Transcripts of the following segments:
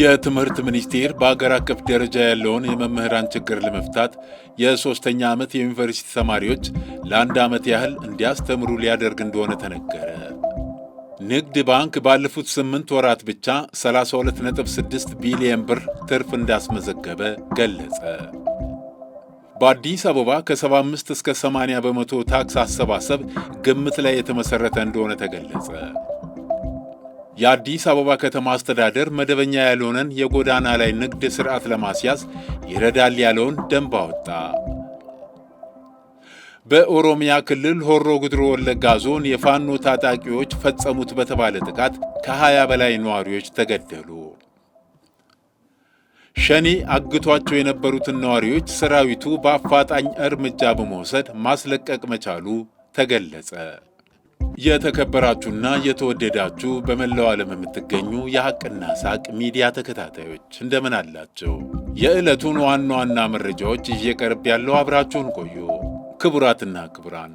የትምህርት ሚኒስቴር በአገር አቀፍ ደረጃ ያለውን የመምህራን ችግር ለመፍታት የሶስተኛ ዓመት የዩኒቨርሲቲ ተማሪዎች ለአንድ ዓመት ያህል እንዲያስተምሩ ሊያደርግ እንደሆነ ተነገረ። ንግድ ባንክ ባለፉት ስምንት ወራት ብቻ 32.6 ቢሊየን ብር ትርፍ እንዳስመዘገበ ገለጸ። በአዲስ አበባ ከ75 እስከ 80 በመቶ ታክስ አሰባሰብ ግምት ላይ የተመሠረተ እንደሆነ ተገለጸ። የአዲስ አበባ ከተማ አስተዳደር መደበኛ ያልሆነን የጎዳና ላይ ንግድ ስርዓት ለማስያዝ ይረዳል ያለውን ደንብ አወጣ። በኦሮሚያ ክልል ሆሮ ጉድሮ ወለጋ ዞን የፋኖ ታጣቂዎች ፈጸሙት በተባለ ጥቃት ከ20 በላይ ነዋሪዎች ተገደሉ። ሸኔ አግቷቸው የነበሩትን ነዋሪዎች ሰራዊቱ በአፋጣኝ እርምጃ በመውሰድ ማስለቀቅ መቻሉ ተገለጸ። የተከበራችሁና የተወደዳችሁ በመላው ዓለም የምትገኙ የሐቅና ሳቅ ሚዲያ ተከታታዮች እንደምን አላችሁ? የዕለቱን ዋና ዋና መረጃዎች እየቀርብ ያለው አብራችሁን ቆዩ። ክቡራትና ክቡራን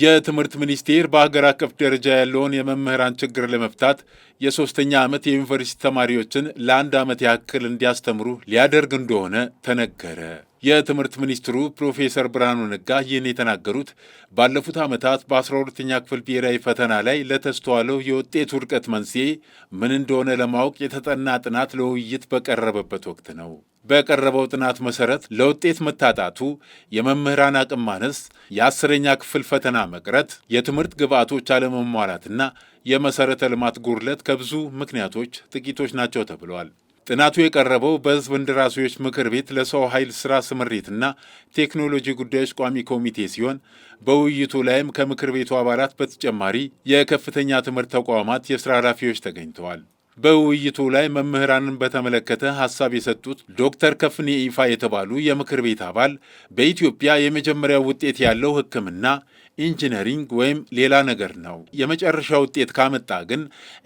የትምህርት ሚኒስቴር በሀገር አቀፍ ደረጃ ያለውን የመምህራን ችግር ለመፍታት የሶስተኛ ዓመት የዩኒቨርሲቲ ተማሪዎችን ለአንድ ዓመት ያክል እንዲያስተምሩ ሊያደርግ እንደሆነ ተነገረ። የትምህርት ሚኒስትሩ ፕሮፌሰር ብርሃኑ ነጋ ይህን የተናገሩት ባለፉት ዓመታት በ12ኛ ክፍል ብሔራዊ ፈተና ላይ ለተስተዋለው የውጤት ውድቀት መንስኤ ምን እንደሆነ ለማወቅ የተጠና ጥናት ለውይይት በቀረበበት ወቅት ነው። በቀረበው ጥናት መሰረት ለውጤት መታጣቱ፣ የመምህራን አቅም ማነስ፣ የአስረኛ ክፍል ፈተና መቅረት፣ የትምህርት ግብዓቶች አለመሟላትና የመሰረተ ልማት ጉድለት ከብዙ ምክንያቶች ጥቂቶች ናቸው ተብለዋል። ጥናቱ የቀረበው በሕዝብ እንደራሴዎች ምክር ቤት ለሰው ኃይል ሥራ ስምሪትና ቴክኖሎጂ ጉዳዮች ቋሚ ኮሚቴ ሲሆን በውይይቱ ላይም ከምክር ቤቱ አባላት በተጨማሪ የከፍተኛ ትምህርት ተቋማት የሥራ ኃላፊዎች ተገኝተዋል። በውይይቱ ላይ መምህራንን በተመለከተ ሀሳብ የሰጡት ዶክተር ከፍኔ ይፋ የተባሉ የምክር ቤት አባል በኢትዮጵያ የመጀመሪያ ውጤት ያለው ሕክምና ኢንጂነሪንግ ወይም ሌላ ነገር ነው። የመጨረሻ ውጤት ካመጣ ግን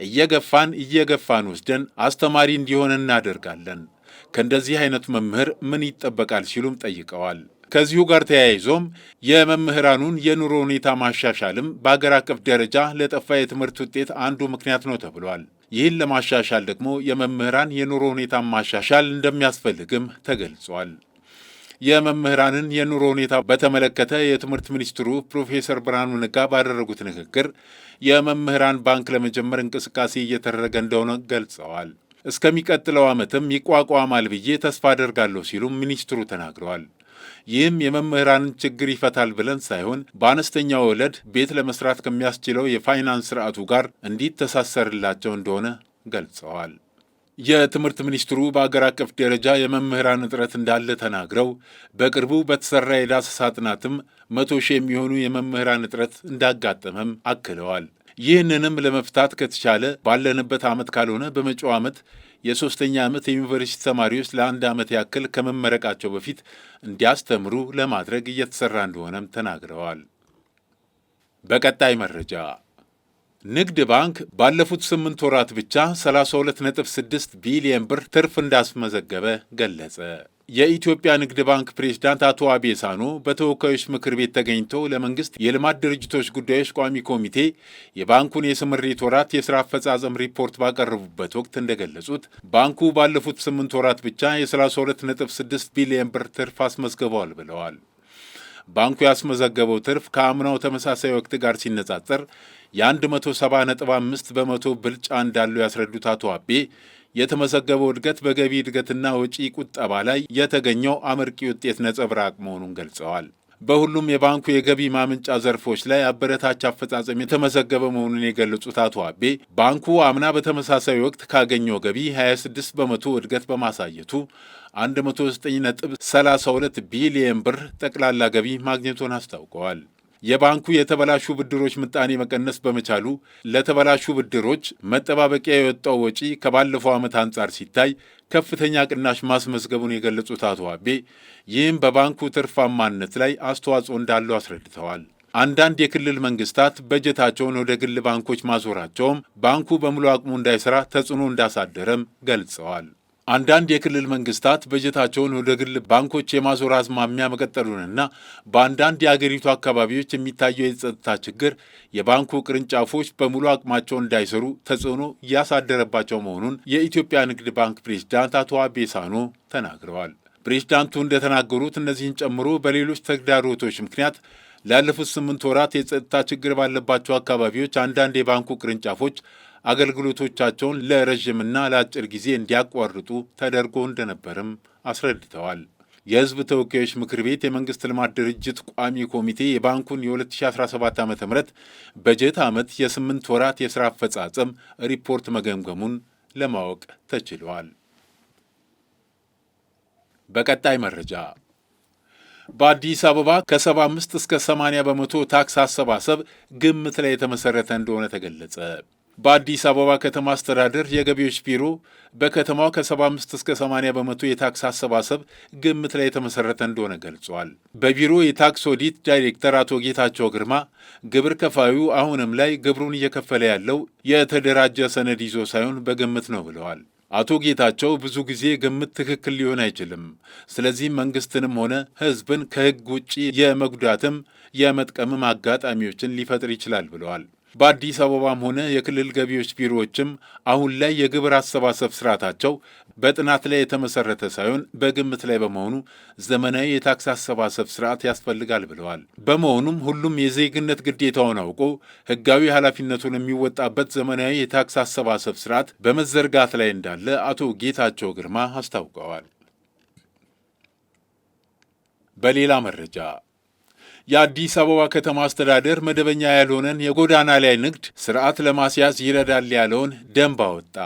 እየገፋን እየገፋን ወስደን አስተማሪ እንዲሆን እናደርጋለን። ከእንደዚህ አይነት መምህር ምን ይጠበቃል ሲሉም ጠይቀዋል። ከዚሁ ጋር ተያይዞም የመምህራኑን የኑሮ ሁኔታ ማሻሻልም በአገር አቀፍ ደረጃ ለጠፋ የትምህርት ውጤት አንዱ ምክንያት ነው ተብሏል። ይህን ለማሻሻል ደግሞ የመምህራን የኑሮ ሁኔታ ማሻሻል እንደሚያስፈልግም ተገልጿል። የመምህራንን የኑሮ ሁኔታ በተመለከተ የትምህርት ሚኒስትሩ ፕሮፌሰር ብርሃኑ ነጋ ባደረጉት ንግግር የመምህራን ባንክ ለመጀመር እንቅስቃሴ እየተደረገ እንደሆነ ገልጸዋል። እስከሚቀጥለው ዓመትም ይቋቋማል ብዬ ተስፋ አደርጋለሁ ሲሉም ሚኒስትሩ ተናግረዋል። ይህም የመምህራንን ችግር ይፈታል ብለን ሳይሆን በአነስተኛ ወለድ ቤት ለመስራት ከሚያስችለው የፋይናንስ ስርዓቱ ጋር እንዲተሳሰርላቸው እንደሆነ ገልጸዋል። የትምህርት ሚኒስትሩ በአገር አቀፍ ደረጃ የመምህራን እጥረት እንዳለ ተናግረው በቅርቡ በተሰራ የዳሰሳ ጥናትም መቶ ሺህ የሚሆኑ የመምህራን እጥረት እንዳጋጠመም አክለዋል። ይህንንም ለመፍታት ከተቻለ ባለንበት ዓመት ካልሆነ በመጪው ዓመት የሶስተኛ ዓመት የዩኒቨርሲቲ ተማሪዎች ለአንድ ዓመት ያክል ከመመረቃቸው በፊት እንዲያስተምሩ ለማድረግ እየተሰራ እንደሆነም ተናግረዋል። በቀጣይ መረጃ ንግድ ባንክ ባለፉት ስምንት ወራት ብቻ 32.6 ቢሊየን ብር ትርፍ እንዳስመዘገበ ገለጸ። የኢትዮጵያ ንግድ ባንክ ፕሬዝዳንት አቶ አቤ ሳኖ በተወካዮች ምክር ቤት ተገኝተው ለመንግስት የልማት ድርጅቶች ጉዳዮች ቋሚ ኮሚቴ የባንኩን የስምሪት ወራት የስራ አፈጻጸም ሪፖርት ባቀረቡበት ወቅት እንደገለጹት ባንኩ ባለፉት ስምንት ወራት ብቻ የ32.6 ቢሊየን ብር ትርፍ አስመዝግበዋል ብለዋል። ባንኩ ያስመዘገበው ትርፍ ከአምናው ተመሳሳይ ወቅት ጋር ሲነጻጸር የ 175 በመቶ ብልጫ እንዳለው ያስረዱት አቶ አቤ የተመዘገበው እድገት በገቢ እድገትና ወጪ ቁጠባ ላይ የተገኘው አመርቂ ውጤት ነጸብራቅ መሆኑን ገልጸዋል። በሁሉም የባንኩ የገቢ ማምንጫ ዘርፎች ላይ አበረታች አፈጻጸም የተመዘገበ መሆኑን የገለጹት አቶ አቤ ባንኩ አምና በተመሳሳይ ወቅት ካገኘው ገቢ 26 በመቶ እድገት በማሳየቱ 109.32 ቢሊየን ብር ጠቅላላ ገቢ ማግኘቱን አስታውቀዋል። የባንኩ የተበላሹ ብድሮች ምጣኔ መቀነስ በመቻሉ ለተበላሹ ብድሮች መጠባበቂያ የወጣው ወጪ ከባለፈው ዓመት አንጻር ሲታይ ከፍተኛ ቅናሽ ማስመዝገቡን የገለጹት አቶ አቤ ይህም በባንኩ ትርፋማነት ላይ አስተዋጽኦ እንዳለው አስረድተዋል። አንዳንድ የክልል መንግስታት በጀታቸውን ወደ ግል ባንኮች ማዞራቸውም ባንኩ በሙሉ አቅሙ እንዳይሰራ ተጽዕኖ እንዳሳደረም ገልጸዋል። አንዳንድ የክልል መንግስታት በጀታቸውን ወደ ግል ባንኮች የማዞር አዝማሚያ መቀጠሉንና በአንዳንድ የአገሪቱ አካባቢዎች የሚታየው የጸጥታ ችግር የባንኩ ቅርንጫፎች በሙሉ አቅማቸውን እንዳይሰሩ ተጽዕኖ እያሳደረባቸው መሆኑን የኢትዮጵያ ንግድ ባንክ ፕሬዝዳንት አቶ አቤሳኖ ተናግረዋል። ፕሬዚዳንቱ እንደተናገሩት እነዚህን ጨምሮ በሌሎች ተግዳሮቶች ምክንያት ላለፉት ስምንት ወራት የጸጥታ ችግር ባለባቸው አካባቢዎች አንዳንድ የባንኩ ቅርንጫፎች አገልግሎቶቻቸውን ለረዥምና ለአጭር ጊዜ እንዲያቋርጡ ተደርጎ እንደነበርም አስረድተዋል። የህዝብ ተወካዮች ምክር ቤት የመንግሥት ልማት ድርጅት ቋሚ ኮሚቴ የባንኩን የ2017 ዓ ም በጀት ዓመት የስምንት ወራት የሥራ አፈጻጸም ሪፖርት መገምገሙን ለማወቅ ተችሏል። በቀጣይ መረጃ በአዲስ አበባ ከ75 እስከ 80 በመቶ ታክስ አሰባሰብ ግምት ላይ የተመሠረተ እንደሆነ ተገለጸ። በአዲስ አበባ ከተማ አስተዳደር የገቢዎች ቢሮ በከተማው ከ75 እስከ 80 በመቶ የታክስ አሰባሰብ ግምት ላይ የተመሰረተ እንደሆነ ገልጿል። በቢሮ የታክስ ኦዲት ዳይሬክተር አቶ ጌታቸው ግርማ ግብር ከፋዩ አሁንም ላይ ግብሩን እየከፈለ ያለው የተደራጀ ሰነድ ይዞ ሳይሆን በግምት ነው ብለዋል። አቶ ጌታቸው ብዙ ጊዜ ግምት ትክክል ሊሆን አይችልም። ስለዚህ መንግስትንም ሆነ ህዝብን ከህግ ውጭ የመጉዳትም የመጥቀምም አጋጣሚዎችን ሊፈጥር ይችላል ብለዋል። በአዲስ አበባም ሆነ የክልል ገቢዎች ቢሮዎችም አሁን ላይ የግብር አሰባሰብ ስርዓታቸው በጥናት ላይ የተመሰረተ ሳይሆን በግምት ላይ በመሆኑ ዘመናዊ የታክስ አሰባሰብ ስርዓት ያስፈልጋል ብለዋል። በመሆኑም ሁሉም የዜግነት ግዴታውን አውቆ ሕጋዊ ኃላፊነቱን የሚወጣበት ዘመናዊ የታክስ አሰባሰብ ስርዓት በመዘርጋት ላይ እንዳለ አቶ ጌታቸው ግርማ አስታውቀዋል። በሌላ መረጃ የአዲስ አበባ ከተማ አስተዳደር መደበኛ ያልሆነን የጎዳና ላይ ንግድ ስርዓት ለማስያዝ ይረዳል ያለውን ደንብ አወጣ።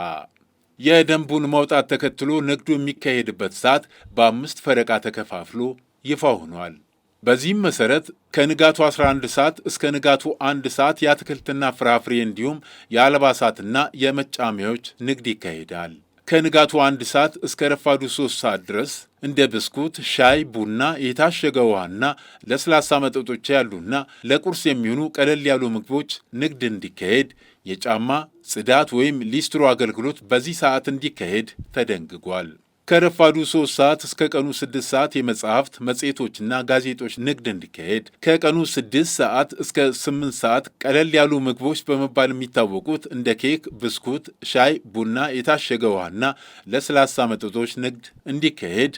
የደንቡን መውጣት ተከትሎ ንግዱ የሚካሄድበት ሰዓት በአምስት ፈረቃ ተከፋፍሎ ይፋ ሆኗል። በዚህም መሰረት ከንጋቱ 11 ሰዓት እስከ ንጋቱ አንድ ሰዓት የአትክልትና ፍራፍሬ እንዲሁም የአልባሳትና የመጫሚያዎች ንግድ ይካሄዳል። ከንጋቱ አንድ ሰዓት እስከ ረፋዱ ሶስት ሰዓት ድረስ እንደ ብስኩት፣ ሻይ፣ ቡና፣ የታሸገ ውሃና ለስላሳ መጠጦች ያሉና ለቁርስ የሚሆኑ ቀለል ያሉ ምግቦች ንግድ እንዲካሄድ፣ የጫማ ጽዳት ወይም ሊስትሮ አገልግሎት በዚህ ሰዓት እንዲካሄድ ተደንግጓል። ከረፋዱ ሶስት ሰዓት እስከ ቀኑ ስድስት ሰዓት የመጽሐፍት መጽሔቶችና ጋዜጦች ንግድ እንዲካሄድ ከቀኑ ስድስት ሰዓት እስከ ስምንት ሰዓት ቀለል ያሉ ምግቦች በመባል የሚታወቁት እንደ ኬክ፣ ብስኩት፣ ሻይ፣ ቡና፣ የታሸገ ውሃና ለስላሳ መጠጦች ንግድ እንዲካሄድ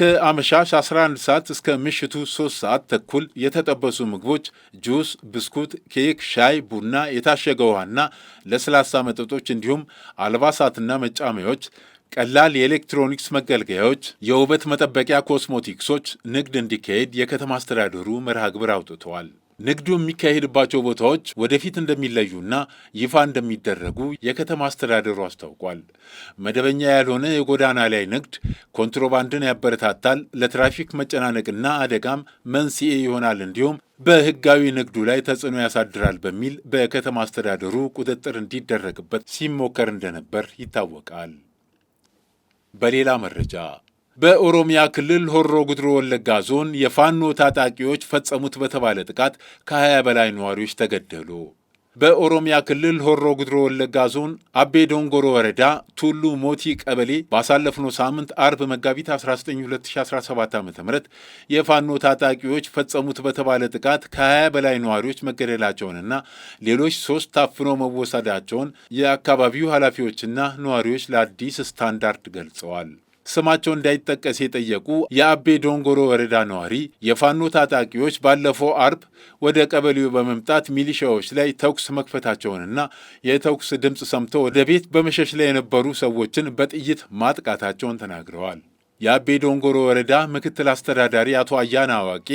ከአመሻሽ 11 ሰዓት እስከ ምሽቱ 3 ሰዓት ተኩል የተጠበሱ ምግቦች፣ ጁስ፣ ብስኩት፣ ኬክ፣ ሻይ፣ ቡና፣ የታሸገ ውሃና ለስላሳ መጠጦች እንዲሁም አልባሳትና መጫሚያዎች ቀላል የኤሌክትሮኒክስ መገልገያዎች፣ የውበት መጠበቂያ ኮስሞቲክሶች ንግድ እንዲካሄድ የከተማ አስተዳደሩ መርሃ ግብር አውጥተዋል። ንግዱ የሚካሄድባቸው ቦታዎች ወደፊት እንደሚለዩና ይፋ እንደሚደረጉ የከተማ አስተዳደሩ አስታውቋል። መደበኛ ያልሆነ የጎዳና ላይ ንግድ ኮንትሮባንድን ያበረታታል፣ ለትራፊክ መጨናነቅና አደጋም መንስኤ ይሆናል፣ እንዲሁም በሕጋዊ ንግዱ ላይ ተጽዕኖ ያሳድራል በሚል በከተማ አስተዳደሩ ቁጥጥር እንዲደረግበት ሲሞከር እንደነበር ይታወቃል። በሌላ መረጃ በኦሮሚያ ክልል ሆሮ ጉድሮ ወለጋ ዞን የፋኖ ታጣቂዎች ፈጸሙት በተባለ ጥቃት ከ20 በላይ ነዋሪዎች ተገደሉ። በኦሮሚያ ክልል ሆሮ ጉድሮ ወለጋ ዞን አቤ ዶንጎሮ ወረዳ ቱሉ ሞቲ ቀበሌ ባሳለፍነው ሳምንት አርብ መጋቢት 192017 ዓ ም የፋኖ ታጣቂዎች ፈጸሙት በተባለ ጥቃት ከ20 በላይ ነዋሪዎች መገደላቸውንና ሌሎች ሶስት ታፍኖ መወሰዳቸውን የአካባቢው ኃላፊዎችና ነዋሪዎች ለአዲስ ስታንዳርድ ገልጸዋል። ስማቸው እንዳይጠቀስ የጠየቁ የአቤ ዶንጎሮ ወረዳ ነዋሪ የፋኖ ታጣቂዎች ባለፈው አርብ ወደ ቀበሌው በመምጣት ሚሊሻዎች ላይ ተኩስ መክፈታቸውንና የተኩስ ድምፅ ሰምቶ ወደ ቤት በመሸሽ ላይ የነበሩ ሰዎችን በጥይት ማጥቃታቸውን ተናግረዋል። የአቤ ዶንጎሮ ወረዳ ምክትል አስተዳዳሪ አቶ አያና አዋቂ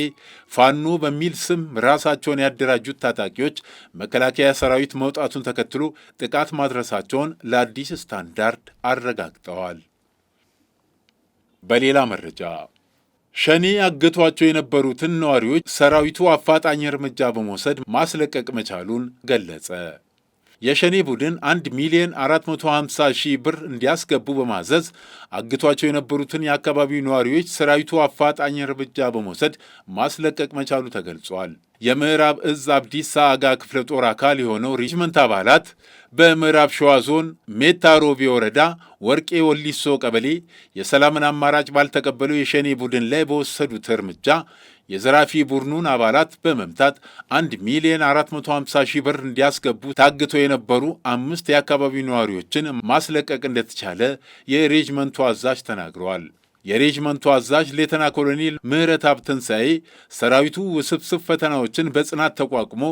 ፋኖ በሚል ስም ራሳቸውን ያደራጁት ታጣቂዎች መከላከያ ሰራዊት መውጣቱን ተከትሎ ጥቃት ማድረሳቸውን ለአዲስ ስታንዳርድ አረጋግጠዋል። በሌላ መረጃ ሸኔ ያገቷቸው የነበሩትን ነዋሪዎች ሰራዊቱ አፋጣኝ እርምጃ በመውሰድ ማስለቀቅ መቻሉን ገለጸ። የሸኔ ቡድን 1 ሚሊዮን 450 ሺህ ብር እንዲያስገቡ በማዘዝ አግቷቸው የነበሩትን የአካባቢው ነዋሪዎች ሰራዊቱ አፋጣኝ እርምጃ በመውሰድ ማስለቀቅ መቻሉ ተገልጿል። የምዕራብ እዝ አብዲሳ አጋ ክፍለ ጦር አካል የሆነው ሪጅመንት አባላት በምዕራብ ሸዋ ዞን ሜታ ወረዳ ወርቄ ወሊሶ ቀበሌ የሰላምን አማራጭ ባልተቀበለው የሸኔ ቡድን ላይ በወሰዱት እርምጃ የዘራፊ ቡድኑን አባላት በመምታት 1 ሚሊዮን 450 ሺህ ብር እንዲያስገቡ ታግቶ የነበሩ አምስት የአካባቢው ነዋሪዎችን ማስለቀቅ እንደተቻለ የሬጅመንቱ አዛዥ ተናግረዋል። የሬጅመንቱ አዛዥ ሌተና ኮሎኔል ምህረት ትንሣኤ ሰራዊቱ ውስብስብ ፈተናዎችን በጽናት ተቋቁሞ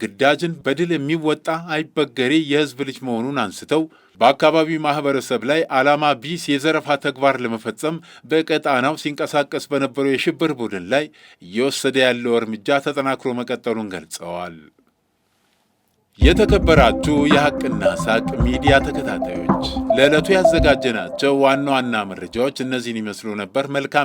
ግዳጅን በድል የሚወጣ አይበገሬ የህዝብ ልጅ መሆኑን አንስተው በአካባቢው ማህበረሰብ ላይ ዓላማ ቢስ የዘረፋ ተግባር ለመፈጸም በቀጣናው ሲንቀሳቀስ በነበረው የሽብር ቡድን ላይ እየወሰደ ያለው እርምጃ ተጠናክሮ መቀጠሉን ገልጸዋል። የተከበራችሁ የሐቅና ሳቅ ሚዲያ ተከታታዮች ለዕለቱ ያዘጋጀናቸው ዋና ዋና መረጃዎች እነዚህን ይመስሉ ነበር። መልካም